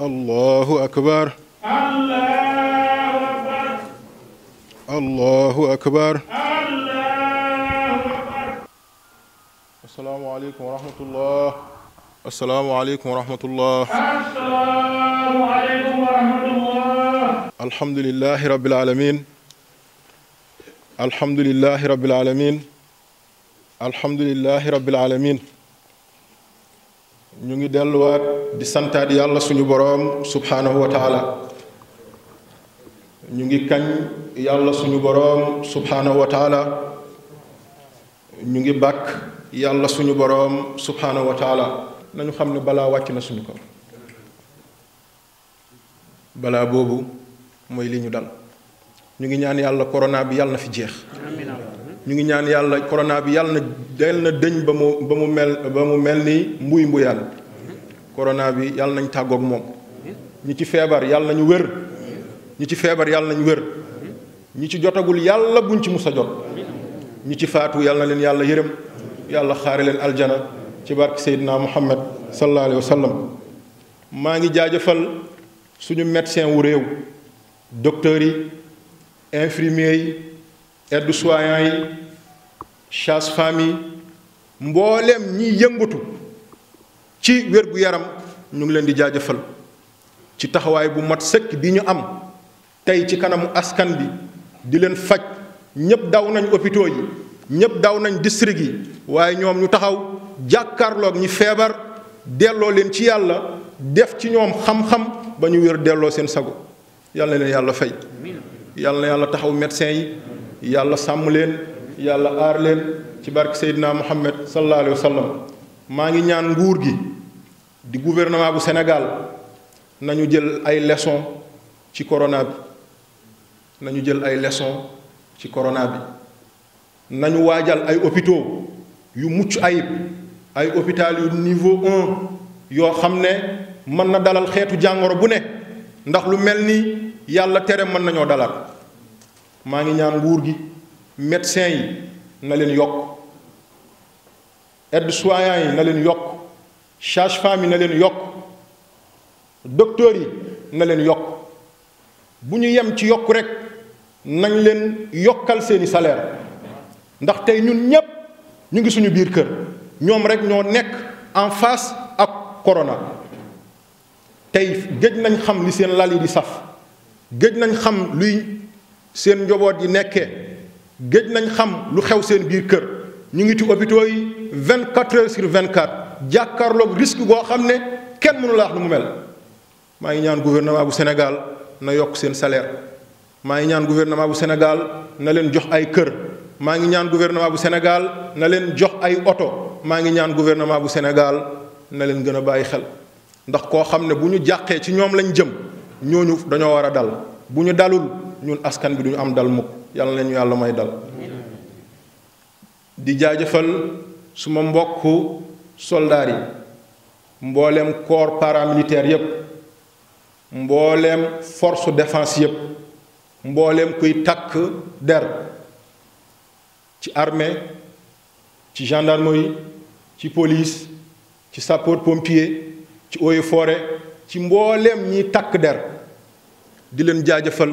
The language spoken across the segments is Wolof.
الله أكبر الله أكبر الله أكبر السلام عليكم ورحمة الله السلام عليكم ورحمة الله السلام عليكم ورحمة الله الحمد لله رب العالمين الحمد لله رب العالمين الحمد لله رب العالمين ñu ngi delluwaat di santaat yàlla suñu boroom subhaanahu wa ñu ngi kañ yàlla suñu boroom subhaanahu wa ñu ngi bàkk yàlla suñu boroom subhaanahu wa taala xam ne balaa wàcc na suñu kaw balaa boobu mooy li ñu dal ñu ngi ñaan yàlla koronaa bi yàlla na fi jeex ñu ngi ñaan yàlla corona bi yàlla na del na dëñ ba mu ba mu mel ba mu mel ni mbuy mbuyal corona bi yàlla nañ tàggoog moom ñi ci feebar yàlla nañu wér ñi ci feebar yàlla nañu wér ñi ci jotagul yàlla buñ ci musa jot ñi ci faatu yàlla leen yàlla yërëm yàlla xaare leen aljana ci barke Seydina Muhammad sallallahu alayhi wa maa ngi jaajëfal suñu médecin wu réew docteurs yi infirmiers yi aides soien yi sages-femmes yi mbooleem ñiy yëngatu ci wér-gu-yaram ñu ngi leen di jaajëfal ci taxawaay bu mat sëkk bi ñu am tey ci kanamu askan bi di leen faj ñëpp daw nañ hôpitaux yi ñëpp daw nañ district yi waaye ñoom ñu taxaw jàkkarlook ñi feebar delloo leen ci yàlla def ci ñoom xam-xam ba ñu wér delloo seen sago yàlla na leen yàlla fay yàlla na yàlla taxaw médecin yi yàlla sàmm leen yàlla aar leen ci barke Seydina Muhammad sallallahu alayhi maa ngi ñaan nguur gi di gouvernement bu Sénégal nañu jël ay leçon ci corona bi nañu jël ay leçon ci corona bi nañu waajal ay hôpitaux yu mucc ayib ay hôpital yu niveau un yoo xam ne mën na dalal xeetu jàngoro bu ne ndax lu mel ni yàlla tere mën nañoo dalal maa ngi ñaan wuur gi médecin yi na leen yokk aides-soignants yi na leen yokk sages-femmes yi na leen yokk docteurs yi na leen yokk bu ñu yem ci yokk rek nañ leen yokkal seeni saleer ndax tey ñun ñépp ñu ngi suñu biir kër ñoom rek ñoo nekk en face ak corona tey géej nañ xam li seen lal yi di saf géej nañ xam luy seen njaboot yi nekkee géej nañ xam lu xew seen biir kër ñu ngi ci hôpitaux yi 24 heures sur 24 jàkkaarloog risque boo xam ne kenn mënula la nu mu mel maa ngi ñaan gouvernement bu senegal na yokk seen salaire maa ngi ñaan gouvernement bu Sénégal na leen jox ay kër maa ngi ñaan gouvernement bu senegal na leen jox ay oto maa ngi ñaan gouvernement bu senegal na leen gën a bàyyi xel ndax koo xam ne bu ñu jàqee ci ñoom lañ jëm ñooñu dañoo war a dal bu ñu dalul. ñun askan bi duñu am dal mukk yàlla nañu yàlla may dal di jaajëfal suma mbokk soldaar yi mbooleem corps paramilitaire yépp mbooleem force défense yépp mbooleem kuy takk der ci armée ci gendarmerie ci police ci sapeur pompier ci eaux ci mbooleem ñiy takk der di leen jaajëfal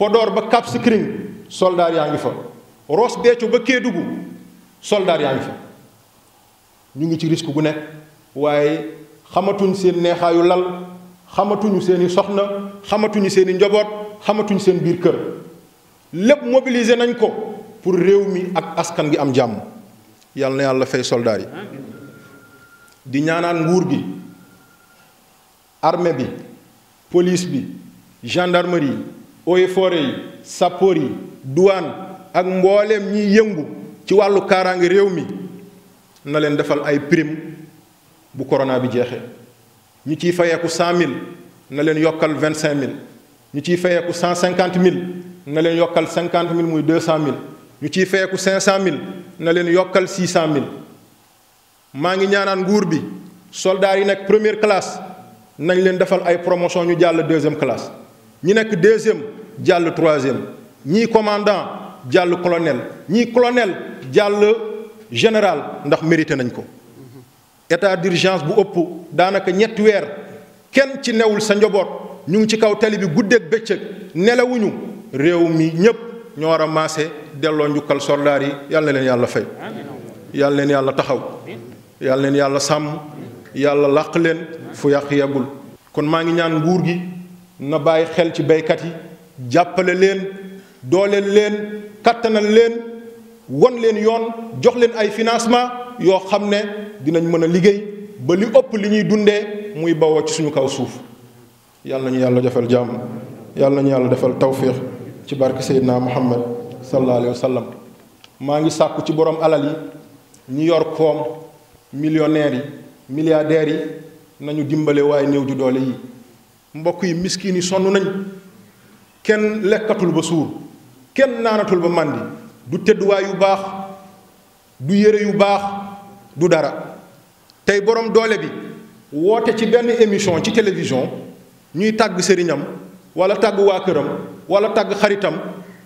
Podor ba Cap Skirring soldaar yaa ngi fa Ross Béthio ba Kédougou soldaar yaa ngi fa ñu ngi ci risque bu nekk waaye xamatuñ seen neexaayu lal xamatuñu seen i soxna xamatuñu seeni i njaboot xamatuñu seen biir kër lépp mobiliser nañ ko pour réew mi ak askan gi am jàmm yàlla na yàlla fay soldaar yi di ñaanaan nguur gi arme bi police bi gendarmerie eaux et forêts yi sapeur yi ak mbooleem ñiy yëngu ci wàllu kaaraange réew mi na leen defal ay prime bu corona bi jeexee ñu ciy fayeeku cent mille na leen yokkal vingt cinq mille ñu ciy fayeeku cent cinquante mille na leen yokkal cinquante mille muy deux cent mille ñu ciy fayeeku cinq cent mille na leen yokkal six cent mille maa ngi ñaanaan nguur bi soldaar yi nekk première classe nañ leen defal ay promotion ñu jàll deuxième classe ñi nekk deuxième le troisième ni commandant le colonel ni colonel le général ndax mérité nañ ko état d'urgence bu ëpp daanaka ñetti ken kenn ci newul sa njaboot ñu sommes ci kaw tali bi guddeeg bëccëg nelawuñu réew mi ñëpp la war a nous sommes njukkal le yi yàlla y yàlla fay yàlla ni taxaw sommes ni yàlla sàmm yàlla ni fu yàq kon nous na bàyyi xel jàppale leen dooleel leen kattanal leen wan leen yoon jox leen ay financement yoo xam ne dinañ mën a liggéey ba li ëpp li ñuy dundee muy bawoo ci suñu kaw suuf yàlla ñu yàlla defal jàmm yàlla nañu yàlla defal tawfiix ci barke Seydina Muhammad sallallahu alayhi wa maa ngi sàkku ci borom alal yi ñi yor koom millionnaires yi milliardaires yi nañu dimbale waaye néew ju doole yi mbokk yi miskin yi sonn nañ kenn lekkatul ba suur kenn naanatul ba màndi du tëdduwaay yu baax du yére yu baax du dara tey boroom doole bi woote ci benn émission ci télévision ñuy tàgg sëriñam wala tàgg waa këram wala tàgg xaritam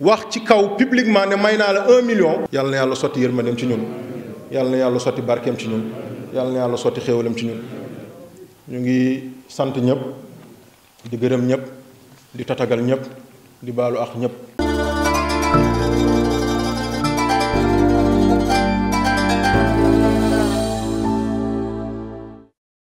wax ci kaw publiquement ne may naa la un million. yàlla na yàlla sotti yërmandeem ci ñun yàlla na yàlla sotti barkeem ci ñun yàlla na yàlla sotti xéewalam ci ñun ñu ngi sant ñëpp di gërëm ñëpp. di tatagal ñépp di baalu ak ñépp